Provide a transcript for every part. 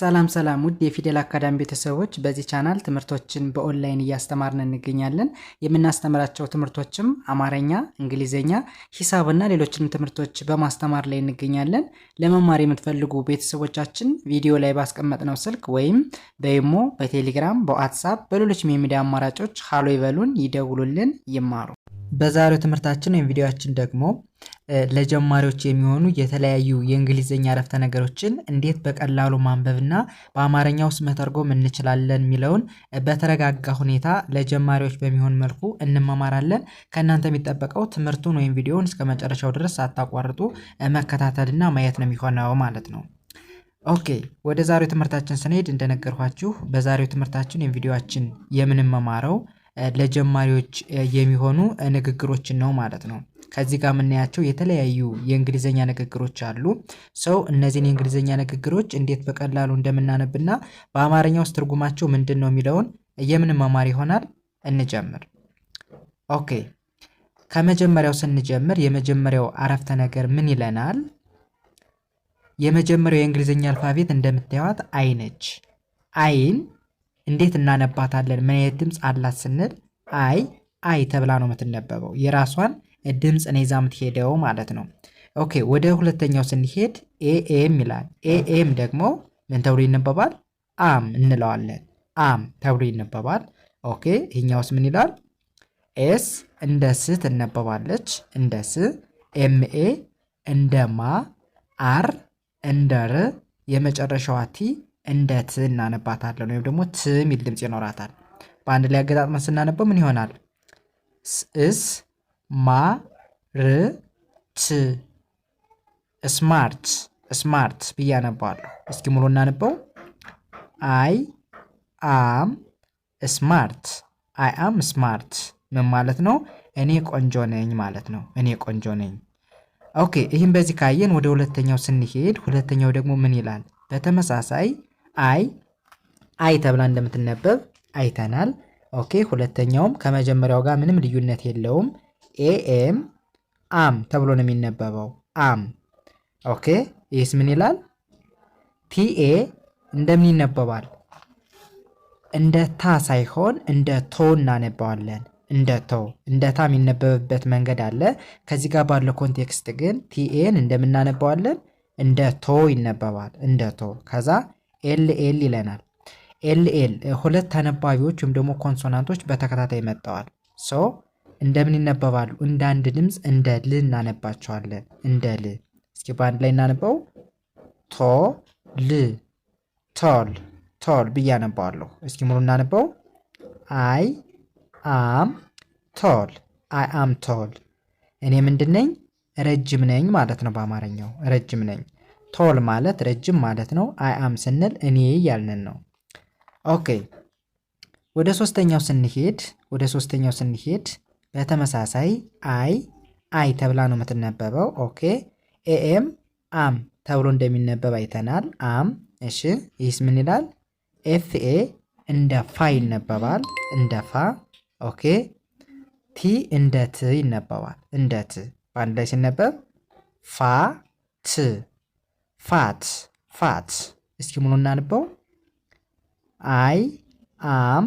ሰላም ሰላም ውድ የፊደል አካዳሚ ቤተሰቦች፣ በዚህ ቻናል ትምህርቶችን በኦንላይን እያስተማርን እንገኛለን። የምናስተምራቸው ትምህርቶችም አማርኛ፣ እንግሊዝኛ፣ ሂሳብና ሌሎችንም ትምህርቶች በማስተማር ላይ እንገኛለን። ለመማር የምትፈልጉ ቤተሰቦቻችን ቪዲዮ ላይ ባስቀመጥነው ስልክ ወይም በይሞ በቴሌግራም በዋትሳፕ በሌሎች የሚዲያ አማራጮች ሀሎ ይበሉን፣ ይደውሉልን፣ ይማሩ። በዛሬው ትምህርታችን ወይም ቪዲዮችን ደግሞ ለጀማሪዎች የሚሆኑ የተለያዩ የእንግሊዝኛ አረፍተ ነገሮችን እንዴት በቀላሉ ማንበብና በአማርኛ ውስጥ መተርጎም እንችላለን የሚለውን በተረጋጋ ሁኔታ ለጀማሪዎች በሚሆን መልኩ እንመማራለን። ከእናንተ የሚጠበቀው ትምህርቱን ወይም ቪዲዮውን እስከ መጨረሻው ድረስ አታቋርጡ መከታተልና ማየት ነው የሚሆነው ማለት ነው። ኦኬ ወደ ዛሬው ትምህርታችን ስንሄድ እንደነገርኳችሁ በዛሬው ትምህርታችን ወይም ቪዲዮችን የምንመማረው ለጀማሪዎች የሚሆኑ ንግግሮችን ነው ማለት ነው። ከዚህ ጋር የምናያቸው የተለያዩ የእንግሊዝኛ ንግግሮች አሉ። ሰው እነዚህን የእንግሊዝኛ ንግግሮች እንዴት በቀላሉ እንደምናነብና በአማርኛ ውስጥ ትርጉማቸው ምንድን ነው የሚለውን የምንማማር ይሆናል። እንጀምር። ኦኬ፣ ከመጀመሪያው ስንጀምር የመጀመሪያው አረፍተ ነገር ምን ይለናል? የመጀመሪያው የእንግሊዝኛ አልፋቤት እንደምታዩት አይ ነች። አይን እንዴት እናነባታለን? ምን አይነት ድምፅ አላት ስንል አይ አይ ተብላ ነው የምትነበበው የራሷን ድምፅ ነው ይዛ የምትሄደው ማለት ነው። ኦኬ ወደ ሁለተኛው ስንሄድ ኤኤም ይላል። ኤኤም ደግሞ ምን ተብሎ ይነበባል? አም እንለዋለን። አም ተብሎ ይነበባል። ኦኬ ይህኛውስ ምን ይላል? ኤስ እንደ ስ ትነበባለች፣ እንደ ስ። ኤምኤ እንደ ማ፣ አር እንደ ር፣ የመጨረሻዋ ቲ እንደ ት እናነባታለን፣ ወይም ደግሞ ት የሚል ድምፅ ይኖራታል። በአንድ ላይ አገጣጥመን ስናነበው ምን ይሆናል? ስ ማ ር ት ስማርት ስማርት ብዬ አነባለሁ። እስኪ ሙሉ እናንበው። አይ አም ስማርት አይ አም ስማርት ምን ማለት ነው? እኔ ቆንጆ ነኝ ማለት ነው። እኔ ቆንጆ ነኝ። ኦኬ ይህም በዚህ ካየን ወደ ሁለተኛው ስንሄድ ሁለተኛው ደግሞ ምን ይላል? በተመሳሳይ አይ አይ ተብላ እንደምትነበብ አይተናል። ኦኬ ሁለተኛውም ከመጀመሪያው ጋር ምንም ልዩነት የለውም። ኤኤም አም ተብሎ ነው የሚነበበው። አም ኦኬ። ይህስ ምን ይላል? ቲኤ እንደምን ይነበባል? እንደ ታ ሳይሆን እንደ ቶ እናነባዋለን። እንደ ቶ እንደ ታ የሚነበብበት መንገድ አለ። ከዚህ ጋር ባለው ኮንቴክስት ግን ቲኤን እንደምናነባዋለን እንደ ቶ ይነበባል። እንደ ቶ ከዛ ኤል ኤል ይለናል። ኤል ኤል ሁለት ተነባቢዎች ወይም ደግሞ ኮንሶናንቶች በተከታታይ መጥተዋል ሶ እንደምን ይነበባሉ? እንደ አንድ ድምፅ እንደ ል እናነባቸዋለን። እንደ ል። እስኪ በአንድ ላይ እናነበው። ቶ ል ቶል ቶል ብዬ አነባዋለሁ። እስኪ ሙሉ እናነበው። አይ አም ቶል አይ አም ቶል። እኔ ምንድን ነኝ? ረጅም ነኝ ማለት ነው። በአማርኛው ረጅም ነኝ። ቶል ማለት ረጅም ማለት ነው። አይ አም ስንል እኔ ያልንን ነው። ኦኬ ወደ ሶስተኛው ስንሄድ ወደ ሶስተኛው ስንሄድ በተመሳሳይ አይ አይ ተብላ ነው የምትነበበው። ኦኬ ኤኤም አም ተብሎ እንደሚነበብ አይተናል። አም እሺ፣ ይህስ ምን ይላል? ኤፍኤ እንደ ፋ ይነበባል፣ እንደ ፋ። ኦኬ ቲ እንደ ት ይነበባል፣ እንደ ት። በአንድ ላይ ሲነበብ ፋ ት ፋት ፋት። እስኪ ሙሉ እናንበው። አይ አም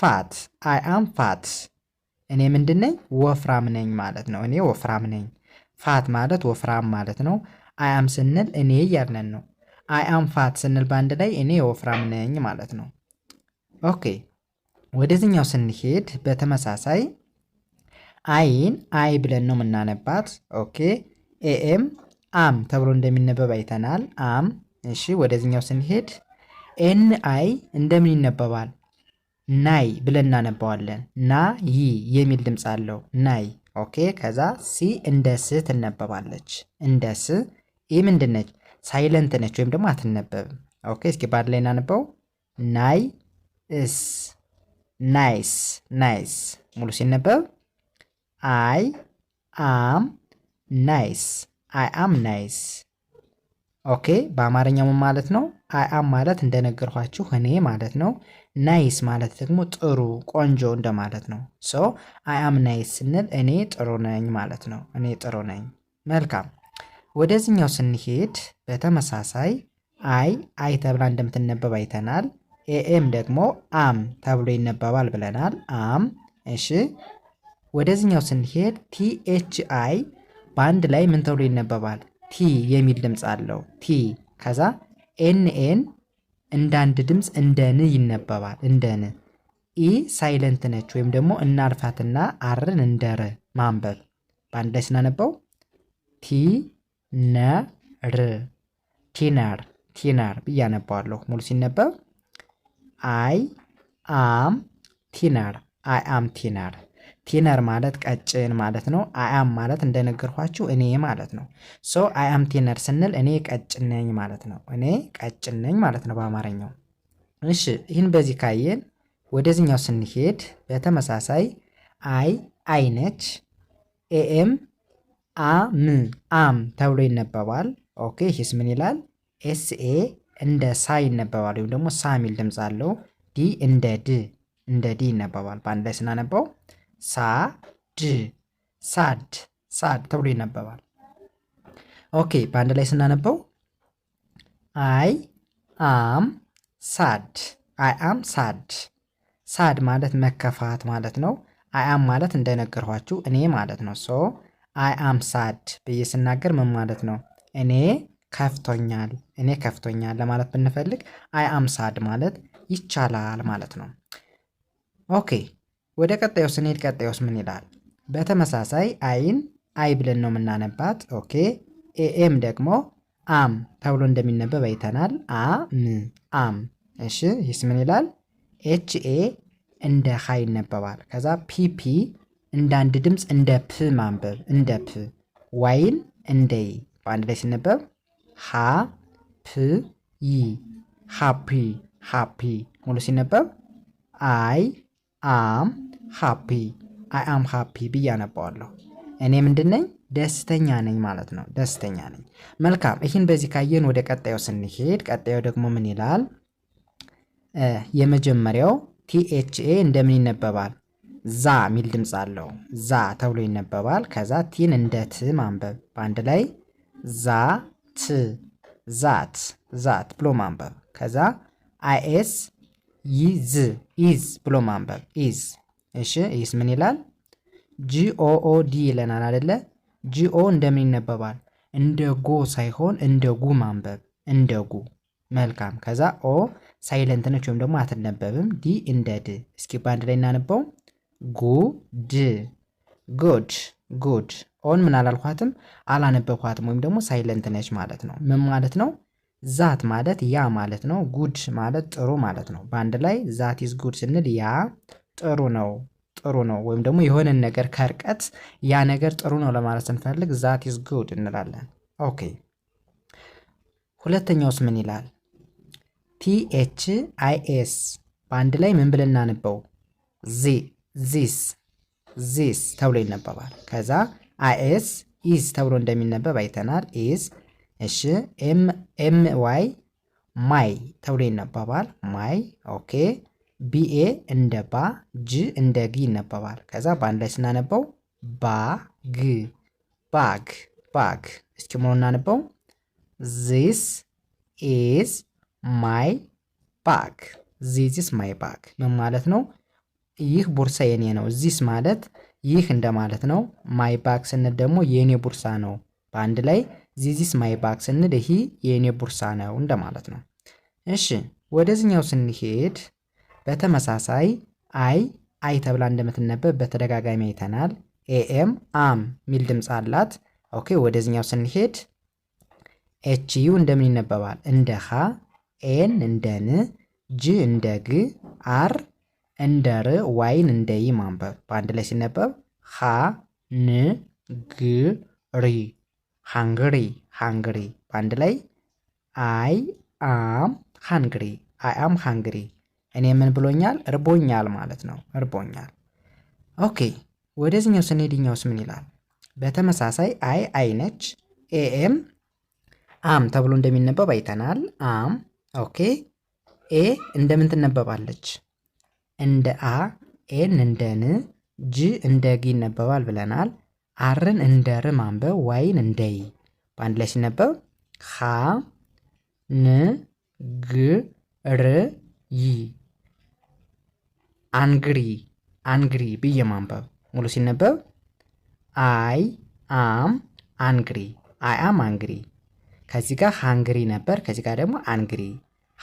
ፋት አይ አም ፋት እኔ ምንድን ነኝ? ወፍራም ነኝ ማለት ነው። እኔ ወፍራም ነኝ። ፋት ማለት ወፍራም ማለት ነው። አያም ስንል እኔ እያልነን ነው። አያም ፋት ስንል በአንድ ላይ እኔ ወፍራም ነኝ ማለት ነው። ኦኬ ወደዚህኛው ስንሄድ በተመሳሳይ አይን አይ ብለን ነው የምናነባት። ኦኬ ኤኤም አም ተብሎ እንደሚነበብ አይተናል። አም እሺ። ወደዚኛው ስንሄድ ኤን አይ እንደምን ይነበባል? ናይ ብለን እናነባዋለን። ና ይ የሚል ድምፅ አለው። ናይ ኦኬ። ከዛ ሲ እንደ ስ ትነበባለች። እንደ ስ ኢ ምንድን ነች? ሳይለንት ነች ወይም ደግሞ አትነበብም። ኦኬ። እስኪ ባድ ላይ እናነበው። ናይ እስ ናይስ ናይስ። ሙሉ ሲነበብ አይ አም ናይስ አይ አም ናይስ። ኦኬ። በአማርኛው ማለት ነው። አይ አም ማለት እንደነገርኋችሁ እኔ ማለት ነው። ናይስ ማለት ደግሞ ጥሩ ቆንጆ እንደማለት ነው። ሶ አይ አም ናይስ ስንል እኔ ጥሩ ነኝ ማለት ነው። እኔ ጥሩ ነኝ። መልካም ወደዚህኛው ስንሄድ በተመሳሳይ አይ አይ ተብላ እንደምትነበብ አይተናል። ኤኤም ደግሞ አም ተብሎ ይነበባል ብለናል። አም እሺ። ወደዚህኛው ስንሄድ ቲኤች አይ በአንድ ላይ ምን ተብሎ ይነበባል? ቲ የሚል ድምፅ አለው። ቲ ከዛ ኤንኤን እንደ አንድ ድምፅ እንደ ን ይነበባል። እንደ ን ኢ ሳይለንት ነች ወይም ደግሞ እናርፋትና አርን እንደ ር ማንበብ በአንድ ላይ ስናነበው ቲ ነ ር ቲነር ቲነር ብዬ ሙሉ ሲነበብ አይ አም ቲነር አይ አም ቲነር ቲነር ማለት ቀጭን ማለት ነው። አያም ማለት እንደነገርኳችሁ እኔ ማለት ነው። ሶ አያም ቲነር ስንል እኔ ቀጭነኝ ማለት ነው። እኔ ቀጭነኝ ማለት ነው በአማርኛው። እሺ ይህን በዚህ ካየን ወደዚኛው ስንሄድ በተመሳሳይ አይ አይ ነች። ኤኤም አም አም ተብሎ ይነበባል። ኦኬ ይህስ ምን ይላል? ኤስኤ እንደ ሳ ይነበባል፣ ወይም ደግሞ ሳ ሚል ድምፅ አለው። ዲ እንደ ድ እንደ ዲ ይነበባል። በአንድ ላይ ስናነባው ሳ ድ ሳድ ሳድ ተብሎ ይነበባል። ኦኬ በአንድ ላይ ስናነበው አይ አም ሳድ አይ አም ሳድ ሳድ ማለት መከፋት ማለት ነው። አይ አም ማለት እንደነገርኋችሁ እኔ ማለት ነው። ሶ አይ አም ሳድ ብዬ ስናገር ምን ማለት ነው? እኔ ከፍቶኛል፣ እኔ ከፍቶኛል ለማለት ብንፈልግ አይ አም ሳድ ማለት ይቻላል ማለት ነው። ኦኬ ወደ ቀጣዩ ስንሄድ ቀጣዩስ ምን ይላል? በተመሳሳይ አይን አይ ብለን ነው የምናነባት። ኦኬ ኤኤም ደግሞ አም ተብሎ እንደሚነበብ አይተናል። አ ም አም። እሺ ይህስ ምን ይላል? ኤች ኤ እንደ ሀ ይነበባል። ከዛ ፒፒ እንደ አንድ ድምፅ እንደ ፕ ማንበብ እንደ ፕ፣ ዋይን እንደ ይ በአንድ ላይ ሲነበብ ሀ ፕ ይ ሃፒ ሃፒ። ሙሉ ሲነበብ አይ አም ሃፒ አይ አም ሃፒ ብዬ አነባዋለሁ። እኔ ምንድን ነኝ? ደስተኛ ነኝ ማለት ነው። ደስተኛ ነኝ። መልካም። ይህን በዚህ ካየን ወደ ቀጣዩ ስንሄድ ቀጣዩ ደግሞ ምን ይላል? የመጀመሪያው ቲኤችኤ እንደምን ይነበባል? ዛ የሚል ድምፅ አለው። ዛ ተብሎ ይነበባል። ከዛ ቲን እንደ ት ማንበብ በአንድ ላይ ዛ ት ዛት ዛት ብሎ ማንበብ ከዛ አይኤስ ይዝ ኢዝ ብሎ ማንበብ ኢዝ። እሺ ይስ ምን ይላል? ጂኦኦዲ ይለናል አደለ? ጂኦ እንደምን ይነበባል? እንደ ጎ ሳይሆን እንደ ጉ ማንበብ እንደ ጉ። መልካም። ከዛ ኦ ሳይለንት ነች ወይም ደግሞ አትነበብም። ዲ እንደ ድ። እስኪ በአንድ ላይ እናነበው። ጉ ድ ጉድ ጉድ። ኦን ምን አላልኳትም፣ አላነበብኳትም ወይም ደግሞ ሳይለንት ነች ማለት ነው። ምን ማለት ነው? ዛት ማለት ያ ማለት ነው። ጉድ ማለት ጥሩ ማለት ነው። በአንድ ላይ ዛት ኢዝ ጉድ ስንል ያ ጥሩ ነው ጥሩ ነው ወይም ደግሞ የሆነን ነገር ከርቀት ያ ነገር ጥሩ ነው ለማለት ስንፈልግ ዛት ኢዝ ጉድ እንላለን። ኦኬ ሁለተኛውስ ምን ይላል? ቲኤች አይ ኤስ በአንድ ላይ ምን ብለን እናንበው? ዚ ዚስ ዚስ ተብሎ ይነበባል። ከዛ አይኤስ ኢዝ ተብሎ እንደሚነበብ አይተናል። ኢዝ እሺ ኤም ኤም ዋይ ማይ ተብሎ ይነበባል። ማይ ኦኬ። ቢኤ እንደ ባ ጅ እንደ ጊ ይነበባል። ከዛ በአንድ ላይ ስናነበው ባግ ባግ ባግ። እስኪ ሙሉ እናነበው። ዚስ ኢዝ ማይ ባግ ዚዚስ ማይ ባግ ምን ማለት ነው? ይህ ቦርሳ የኔ ነው። ዚስ ማለት ይህ እንደማለት ነው። ማይ ባግ ስንል ደግሞ የኔ ቦርሳ ነው። በአንድ ላይ ዚዚስ ማይ ባግ ስንል ይህ የእኔ ቦርሳ ነው እንደማለት ነው። እሺ ወደዚህኛው ስንሄድ በተመሳሳይ አይ አይ ተብላ እንደምትነበብ በተደጋጋሚ አይተናል። ኤኤም አም ሚል ድምፅ አላት። ኦኬ ወደዚኛው ስንሄድ ኤች ዩ እንደምን ይነበባል? እንደ ሀ፣ ኤን እንደ ን፣ ጅ እንደ ግ፣ አር እንደ ር፣ ዋይን እንደ ይ ማንበብ በአንድ ላይ ሲነበብ ሀ ን ግ ሪ ሃንግሪ ሃንግሪ በአንድ ላይ አይ አም ሃንግሪ አይ አም ሃንግሪ እኔ ምን ብሎኛል እርቦኛል ማለት ነው እርቦኛል ኦኬ ወደዚህኛው ስንሄድኛውስ ምን ይላል በተመሳሳይ አይ አይ ነች ኤኤም አም ተብሎ እንደሚነበብ አይተናል አም ኦኬ ኤ እንደምን ትነበባለች እንደ አ ኤን እንደ ን ጂ እንደ ጊ ይነበባል ብለናል አርን እንደ ር ማንበብ ዋይን እንደይ በአንድ ላይ ሲነበብ ሀ ን ግ ር ይ አንግሪ አንግሪ ብዬ ማንበብ ሙሉ ሲነበብ አይ አም አንግሪ አይ አም አንግሪ። ከዚህ ጋር ሃንግሪ ነበር፣ ከዚህ ጋር ደግሞ አንግሪ።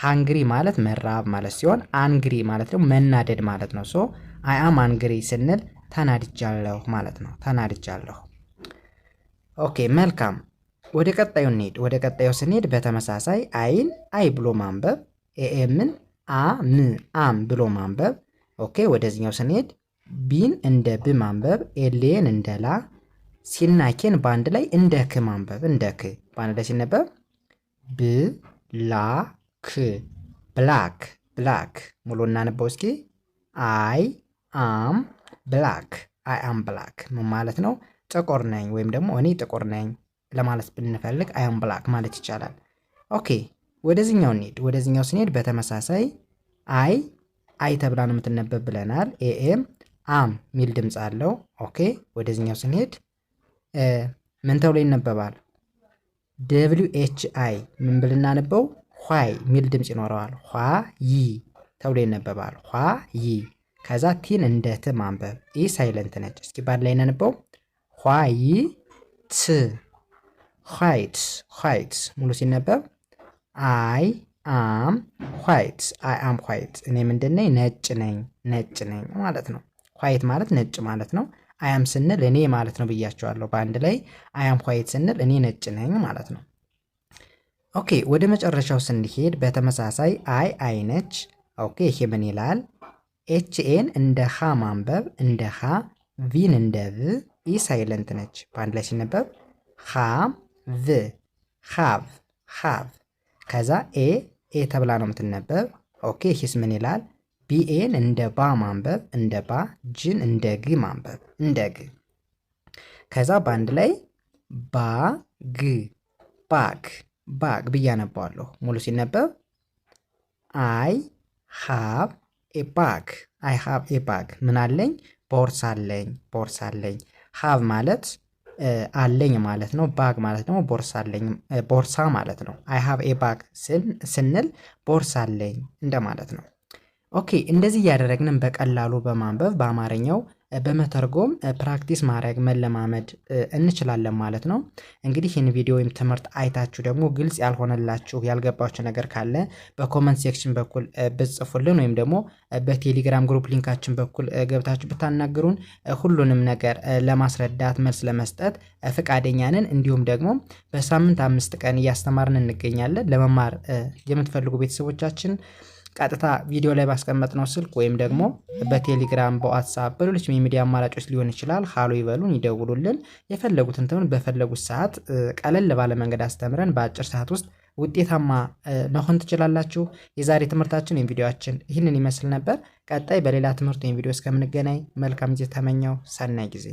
ሃንግሪ ማለት መራብ ማለት ሲሆን አንግሪ ማለት ደግሞ መናደድ ማለት ነው። ሶ አይ አም አንግሪ ስንል ተናድጃለሁ ማለት ነው። ተናድጃለሁ። ኦኬ መልካም። ወደ ቀጣዩ እንሄድ። ወደ ቀጣዩ ስንሄድ በተመሳሳይ አይን አይ ብሎ ማንበብ፣ ኤኤምን አም ም አም ብሎ ማንበብ። ኦኬ ወደዚኛው ስንሄድ ቢን እንደ ብ ማንበብ፣ ኤሌን እንደ ላ፣ ሲናኬን በአንድ ላይ እንደ ክ ማንበብ። እንደ ክ በአንድ ላይ ሲነበብ ብ ላ ክ ብላክ ብላክ። ሙሉ እናነበው እስኪ አይ አም ብላክ አይ አም ብላክ ምን ማለት ነው? ጥቁር ነኝ ወይም ደግሞ እኔ ጥቁር ነኝ ለማለት ብንፈልግ አይ አም ብላክ ማለት ይቻላል። ኦኬ ወደዚህኛው እንሂድ። ወደዚህኛው ስንሄድ በተመሳሳይ አይ አይ ተብላ ነው የምትነበብ ብለናል። ኤኤም አም ሚል ድምፅ አለው። ኦኬ ወደዚህኛው ስንሄድ ምን ተብሎ ይነበባል? ደብሊው ኤች አይ ምን ብል እናነበው? ኋይ ሚል ድምፅ ይኖረዋል። ኋ ይ ተብሎ ይነበባል። ኋ ይ ከዛ ቲን እንደ ት ማንበብ ኢ ሳይለንት ነች። እስኪ ባድ ላይ ነንበው ኋይ ት ኋይት ኋይት ሙሉ ሲነበብ አይ አም ኋይት አይ አም ኋይት እኔ ምንድን ነኝ? ነጭ ነኝ ነጭ ነኝ ማለት ነው። ኋይት ማለት ነጭ ማለት ነው። አያም ስንል እኔ ማለት ነው ብያቸዋለሁ። በአንድ ላይ አያም ኋይት ስንል እኔ ነጭ ነኝ ማለት ነው። ኦኬ ወደ መጨረሻው ስንሄድ በተመሳሳይ አይ አይ ነች። ኦኬ ይሄ ምን ይላል? ኤችኤን እንደ ሃ ማንበብ እንደ ሃ ቪን እንደ ቭ ኢ ሳይለንት ነች። በአንድ ላይ ሲነበብ ሃ ቭ ሃቭ ሃቭ። ከዛ ኤ ኤ ተብላ ነው የምትነበብ። ኦኬ ሂስ ምን ይላል? ቢኤን እንደ ባ ማንበብ እንደ ባ ጅን እንደ ግ ማንበብ እንደ ግ። ከዛ በአንድ ላይ ባ ግ ባግ ባግ ብዬ አነባዋለሁ። ሙሉ ሲነበብ አይ ሃቭ ኤ ባግ አይ ሃቭ ኤ ባግ ምን አለኝ ቦርሳ አለኝ ቦርሳ አለኝ ሃቭ ማለት አለኝ ማለት ነው። ባግ ማለት ደግሞ ቦርሳ አለኝ ቦርሳ ማለት ነው። አይ ሃቭ ኤ ባግ ስንል ቦርሳ አለኝ እንደማለት ነው። ኦኬ እንደዚህ እያደረግንም በቀላሉ በማንበብ በአማርኛው በመተርጎም ፕራክቲስ ማድረግ መለማመድ እንችላለን ማለት ነው። እንግዲህ ይህን ቪዲዮ ወይም ትምህርት አይታችሁ ደግሞ ግልጽ ያልሆነላችሁ ያልገባችሁ ነገር ካለ በኮመንት ሴክሽን በኩል ብጽፉልን ወይም ደግሞ በቴሌግራም ግሩፕ ሊንካችን በኩል ገብታችሁ ብታናግሩን ሁሉንም ነገር ለማስረዳት መልስ ለመስጠት ፈቃደኛንን። እንዲሁም ደግሞ በሳምንት አምስት ቀን እያስተማርን እንገኛለን። ለመማር የምትፈልጉ ቤተሰቦቻችን ቀጥታ ቪዲዮ ላይ ባስቀመጥነው ስልክ ወይም ደግሞ በቴሌግራም በዋትሳፕ በሌሎች የሚዲያ አማራጮች ሊሆን ይችላል። ሀሎ ይበሉን፣ ይደውሉልን። የፈለጉትን ትምህርት በፈለጉት ሰዓት ቀለል ባለ መንገድ አስተምረን በአጭር ሰዓት ውስጥ ውጤታማ መሆን ትችላላችሁ። የዛሬ ትምህርታችን ወይም ቪዲዮችን ይህንን ይመስል ነበር። ቀጣይ በሌላ ትምህርት ወይም ቪዲዮ እስከምንገናኝ መልካም ጊዜ ተመኘው። ሰናይ ጊዜ